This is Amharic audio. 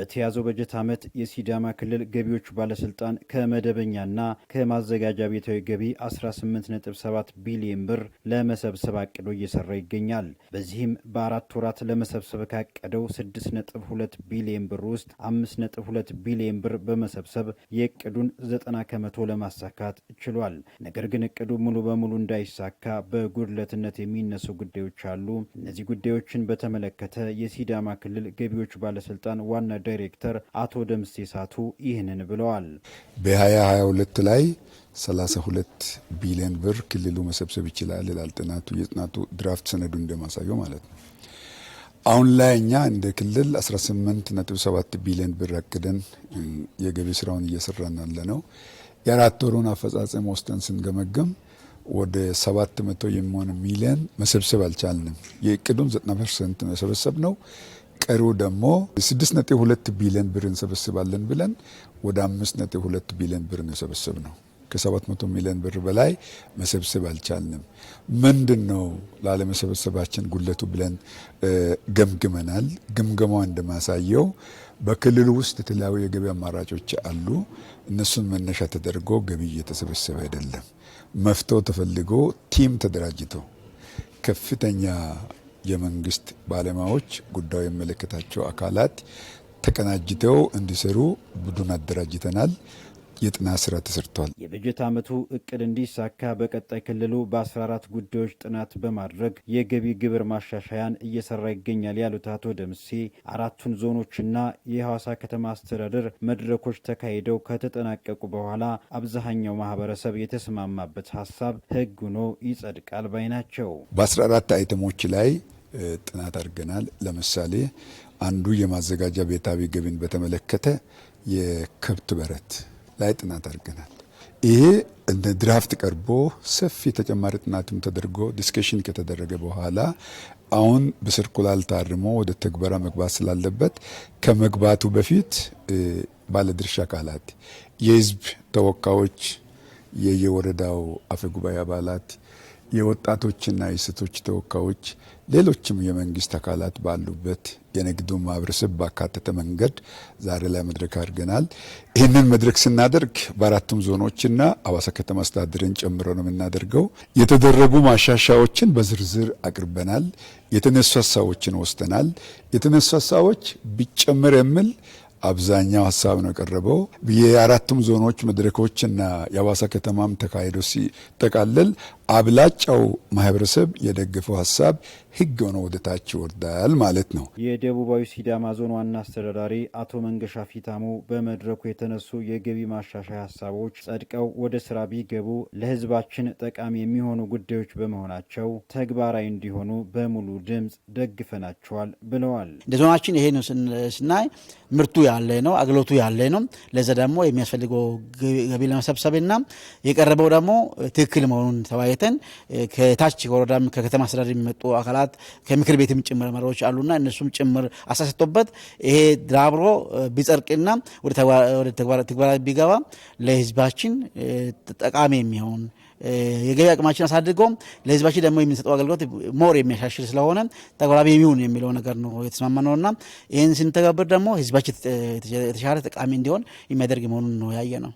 በተያዘው በጀት ዓመት የሲዳማ ክልል ገቢዎች ባለስልጣን ከመደበኛና ከማዘጋጃ ቤታዊ ገቢ 18.7 ቢሊዮን ብር ለመሰብሰብ አቅዶ እየሰራ ይገኛል። በዚህም በአራት ወራት ለመሰብሰብ ካቀደው 6.2 ቢሊዮን ብር ውስጥ 5.2 ቢሊዮን ብር በመሰብሰብ የእቅዱን 90 ከመቶ ለማሳካት ችሏል። ነገር ግን እቅዱ ሙሉ በሙሉ እንዳይሳካ በጉድለትነት የሚነሱ ጉዳዮች አሉ። እነዚህ ጉዳዮችን በተመለከተ የሲዳማ ክልል ገቢዎች ባለስልጣን ዋና ዳይሬክተር አቶ ደምሴ ሳቱ ይህንን ብለዋል። በ2022 ላይ 32 ቢሊዮን ብር ክልሉ መሰብሰብ ይችላል ይላል ጥናቱ። የጥናቱ ድራፍት ሰነዱ እንደማሳየው ማለት ነው። አሁን ላይ እኛ እንደ ክልል 18.7 ቢሊዮን ብር አቅደን የገቢ ስራውን እየሰራን ያለ ነው። የአራት ወሩን አፈጻጸም ወስደን ስንገመገም ወደ 700 የሚሆን ሚሊዮን መሰብሰብ አልቻልንም። የእቅዱን 90 ፐርሰንት ነው። ቀሪው ደግሞ 6.2 ቢሊዮን ብር እንሰበስባለን ብለን ወደ 5.2 ቢሊዮን ብር እንሰበስብ ነው። ከ700 ሚሊዮን ብር በላይ መሰብሰብ አልቻልንም። ምንድን ነው ላለመሰበሰባችን ጉለቱ ብለን ገምግመናል። ግምገማው እንደማሳየው በክልሉ ውስጥ የተለያዩ የገቢ አማራጮች አሉ። እነሱን መነሻ ተደርጎ ገቢ እየተሰበሰበ አይደለም። መፍትሄው ተፈልጎ ቲም ተደራጅቶ ከፍተኛ የመንግስት ባለሙያዎች፣ ጉዳዩ የሚመለከታቸው አካላት ተቀናጅተው እንዲሰሩ ቡድን አደራጅተናል። የጥናት ስራ ተሰርቷል። የበጀት ዓመቱ እቅድ እንዲሳካ በቀጣይ ክልሉ በ14 ጉዳዮች ጥናት በማድረግ የገቢ ግብር ማሻሻያን እየሰራ ይገኛል ያሉት አቶ ደምሴ አራቱን ዞኖችና የሐዋሳ ከተማ አስተዳደር መድረኮች ተካሂደው ከተጠናቀቁ በኋላ አብዛኛው ማህበረሰብ የተስማማበት ሀሳብ ህግ ሆኖ ይጸድቃል ባይ ናቸው። በ14 አይተሞች ላይ ጥናት አድርገናል። ለምሳሌ አንዱ የማዘጋጃ ቤታዊ ገቢን በተመለከተ የከብት በረት ላይ ጥናት አድርገናል። ይሄ እንደ ድራፍት ቀርቦ ሰፊ ተጨማሪ ጥናትም ተደርጎ ዲስከሽን ከተደረገ በኋላ አሁን በስርኩላል ታርሞ ወደ ተግበራ መግባት ስላለበት ከመግባቱ በፊት ባለድርሻ አካላት የህዝብ ተወካዮች፣ የየወረዳው አፈጉባኤ ጉባኤ አባላት የወጣቶችና የሴቶች ተወካዮች፣ ሌሎችም የመንግስት አካላት ባሉበት የንግዱ ማህበረሰብ ባካተተ መንገድ ዛሬ ላይ መድረክ አድርገናል። ይህንን መድረክ ስናደርግ በአራቱም ዞኖችና አዋሳ ከተማ አስተዳደርን ጨምሮ ነው የምናደርገው። የተደረጉ ማሻሻዎችን በዝርዝር አቅርበናል። የተነሱ ሀሳቦችን ወስደናል። የተነሱ ሀሳቦች ቢጨምር የሚል አብዛኛው ሀሳብ ነው የቀረበው። የአራቱም ዞኖች መድረኮችና የአዋሳ ከተማም ተካሂዶ ሲጠቃለል አብላጫው ማህበረሰብ የደገፈው ሀሳብ ህግ ሆኖ ወደታች ይወርዳል ማለት ነው። የደቡባዊ ሲዳማ ዞን ዋና አስተዳዳሪ አቶ መንገሻ ፊታሙ በመድረኩ የተነሱ የገቢ ማሻሻያ ሀሳቦች ጸድቀው ወደ ስራ ቢገቡ ለህዝባችን ጠቃሚ የሚሆኑ ጉዳዮች በመሆናቸው ተግባራዊ እንዲሆኑ በሙሉ ድምፅ ደግፈናቸዋል ብለዋል። እንደ ዞናችን ይሄ ስናይ ምርቱ ያለ ነው፣ አግሎቱ ያለ ነው። ለዛ ደግሞ የሚያስፈልገው ገቢ ለመሰብሰብና የቀረበው ደግሞ ትክክል መሆኑን ተወያይተን ከታች ከወረዳም ከከተማ አስተዳደር የሚመጡ አካላት አካላት ከምክር ቤትም ጭምር መሪዎች አሉና እነሱም ጭምር አሳሰቶበት ይሄ ድራብሮ ቢጸርቅና ወደ ተግባራ ቢገባ ለህዝባችን ጠቃሚ የሚሆን የገቢ አቅማችን አሳድጎ ለህዝባችን ደግሞ የምንሰጠው አገልግሎት ሞር የሚያሻሽል ስለሆነ ተግባራዊ የሚሆን የሚለው ነገር ነው የተስማማነው እና ይህን ስንተገብር ደግሞ ህዝባችን የተሻለ ጠቃሚ እንዲሆን የሚያደርግ መሆኑን ነው ያየ ነው።